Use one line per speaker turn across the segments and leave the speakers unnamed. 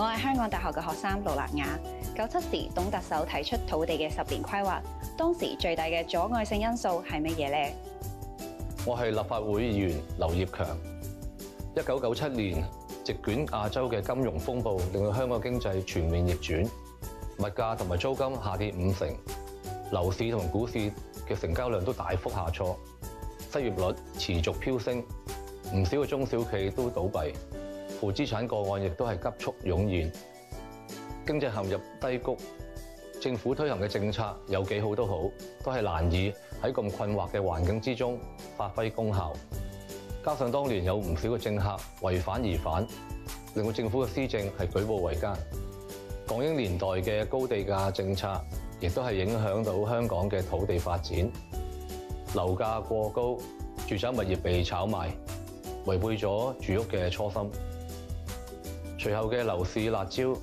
我係香港大學嘅學生盧立雅。九七時，董特首提出土地嘅十年規劃，當時最大嘅阻礙性因素係乜嘢咧？
我係立法會議員劉業強。一九九七年，席捲亞洲嘅金融風暴令到香港嘅經濟全面逆轉，物價同埋租金下跌五成，樓市同股市嘅成交量都大幅下挫，失業率持續飆升，唔少嘅中小企都倒閉。負資產個案亦都係急速湧現，經濟陷入低谷，政府推行嘅政策有幾好都好，都係難以喺咁困惑嘅環境之中發揮功效。加上當年有唔少嘅政客為反而反，令到政府嘅施政係舉步維艱。港英年代嘅高地價政策，亦都係影響到香港嘅土地發展，樓價過高，住宅物業被炒賣，違背咗住屋嘅初心。隨後嘅樓市辣招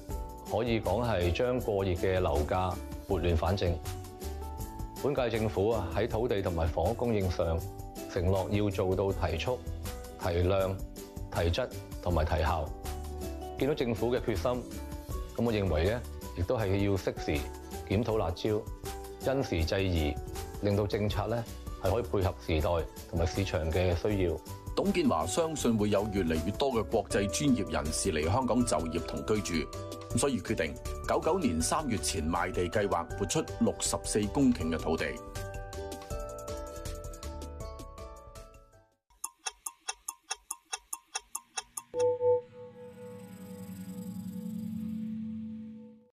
可以講係將過熱嘅樓價撥亂反正。本屆政府啊，喺土地同埋房屋供應上，承諾要做到提速、提量、提質同埋提效。見到政府嘅決心，咁我認為咧，亦都係要適時檢討辣招，因時制宜，令到政策咧。可以配合時代同埋市場嘅需
要。董建華相信會有越嚟越多嘅國際專業人士嚟香港就業同居住，所以決定九九年三月前賣地計劃撥出六十四公頃嘅土地。